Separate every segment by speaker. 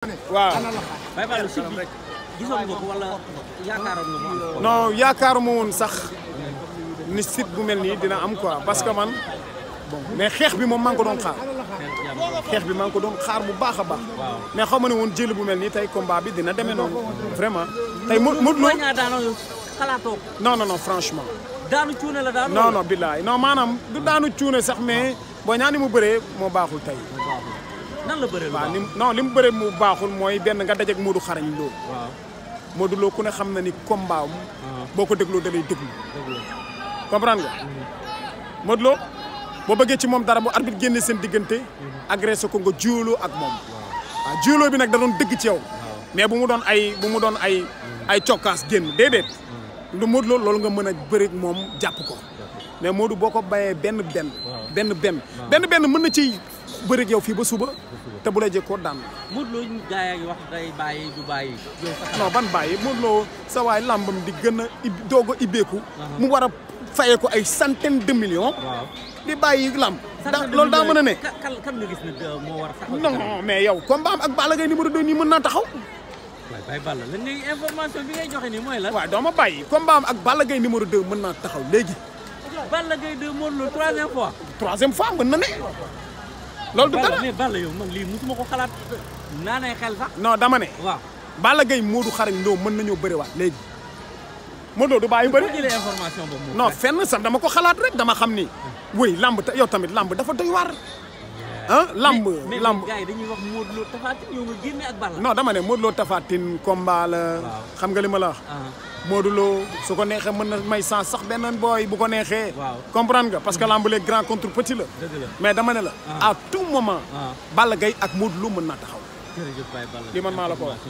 Speaker 1: waaw Baye Fallou site yaakaaruma woon sax ni site bu mel nii dina am quoi parce que man mais xeex bi moom maa ngi ko doon xaar. xeex bi maa ngi ko doon xaar bu baax a baax. mais xaw ma ne woon jël bu mel nii tey combat bi dina demee noonu. vraiment tey Modou Modou Lo xalaatoo non non non franchement. daanu cuune la daanu. non non billaay maanaam du daanu cuune sax mais boo ñaani mu bare moo baaxul tey. nan la bëree waaw ni non li mu bëree mu baaxul mooy benn nga dajeeg Modou xarañ loolu. waaw Modou Lo ku ne xam na ni combat am. boo ko dégloo da lay déglu. comprendre nga. Mhm. Modou Lo boo bëggee ci moom dara bu arbitre génne seen diggante. Mhm. agressé ko nga jiwloo ak moom. waaw jiwloo bi nag da doon dëgg ci yow. mais bu mu doon ay bu mu doon ay mhm. ay cokkaas génn déedéet. lu Modou Lo lool nga mën a bëri moom jàpp ko. mais Modou boo ko bayee benn benn. benn benn mën na ci bëreeg yow fi ba suba té bu jé ko daan Modou Lo gaay yi wax day bàyyi du bàyyi no ban bàyyi Modou Lo sa way lambam di gëna dogo ibéku uh-huh. mu wara fayé ko ay centaine de millions di bàyyi làmb loolu daa mën a ne kan, kan nga gis né mo wara sax non mais yow ba am ak Balla Gaye numéro 2 nii mën taxaw waaye Balla lan léegi information bi ngay lan. ma am ak Balla numéro 2 taxaw Balla 2 Lo fois. fois loolu du dara mais yow man lii musuma ko xalaat naa ne xel sax. non dama ne. waaw Balla Gaye Modou xarañ Lo mën nañoo bëriwaat léegi. Modou du bàyyi bëri. jëlee information boobu non fenn sax dama ko xalaat rek dama xam ni. wéy hmm. lamb yow tamit lamb dafa doy waar. ah lamb lamb gars yi dañuy wax Modou Lo Tapha Tine yow nga génne ak Balla non dama ne Modou Lo Tapha Tine la xam nga li ma la wax ah. Modou Lo su ko neexee mën na may sans sax benn booy bu ko neexee comprendre nga parce que lamb les grands contre petit la mais dama ne la ah. à tout moment ah. bala Gaye ak Modou Lo mën naa taxaw li man maa la ko wax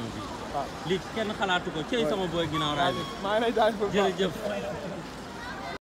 Speaker 1: kenn xalaatu ko cey sama booy ginnaaw raay maa ngi lay jaajëf